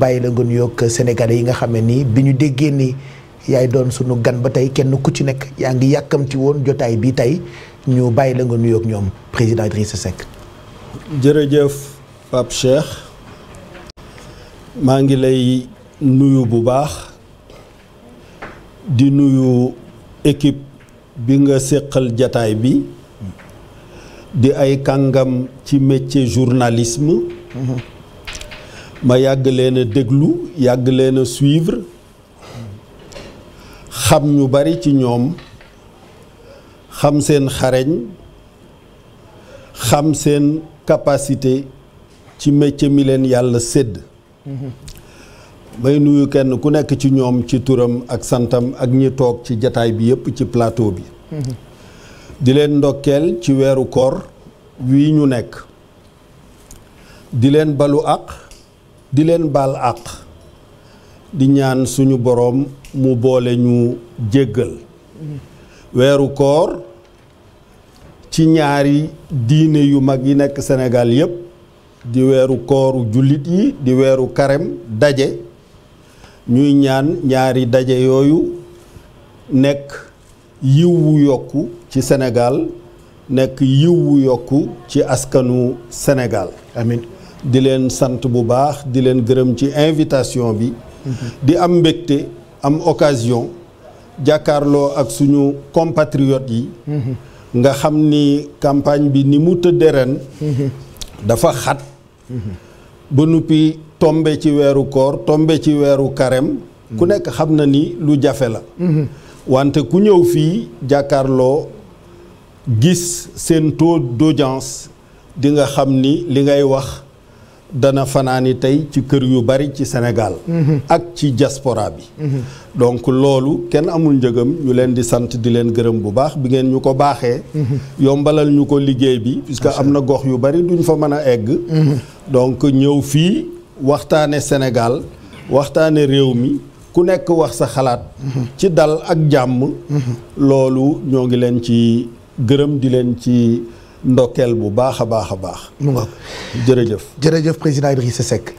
bàyyi la nga nuyoog sénégalais yi nga xam ne nii bi ñu déggee ni yaay doon sunu gan ba tey kenn ku ci nekk yaa ngi yàkkamti woon jotaay bi tey ñu bàyyi la nga nuyoog ñoom président Idrissa Seck. jërëjëf Pape maa ngi lay nuyu bu baax di nuyu équipe bi nga séqal jataay bi di ay kàngam ci métier journalisme. Mm-hmm. ma yàgg leen déglu yàgg leen a suivre xam ñu bari ci ñoom xam seen xareñ xam seen capacité ci métier mi leen yàlla sédd may nuyu kenn ku nekk ci ñoom ci turam ak santam ak ñi toog ci jataay bi yépp ci plateau bi di leen ndokkeel ci weeru koor wii ñu nekk di leen balu àq di leen baal àq di ñaan suñu boroom mu boole ñu jéggal weeru koor ci ñaari diine yu mag yi nekk senegaal yépp di weeru kooru jullit yi di weeru karem daje ñuy ñaan ñaari daje yooyu nekk yiw wu yokku ci senegaal nekk yiw wu yokk ci askanu senegaal amin di leen sant bu baax di leen gërëm ci invitation bi mhm. di am mbégte am occasion jàkkaarloo ak suñu compatriotes yi mhm. nga xam ni campagne bi ni mu tëddee ren mhm. dafa xat ba nuppi tombe ci weeru koor tombe ci weeru carême ku nekk xam na ni lu jafe la wante ku ñëw fii jàkkaarloo gis seen tool d'audience dinga xam ni li ngay wax dana fanaani tey ci kër yu bari ci Sénégal mhm. ak ci jasporaa bi mhm. donc loolu kenn amul njëgam ñu leen di sant di leen gërëm bu baax bi ngeen ñu ko baaxee mhm. yombalal ñu ko liggéey bi puisque am na gox yu bari duñ fa mën a egg donc ñëw fii waxtaane Sénégal waxtaane réew mi ku nekk wax sa xalaat ci dal ak jàmm loolu ñoo ngi leen ci gërëm di leen ci ndokkeel bu baax a baax a baax jërëjëf jërëjëf président Idrissa Seck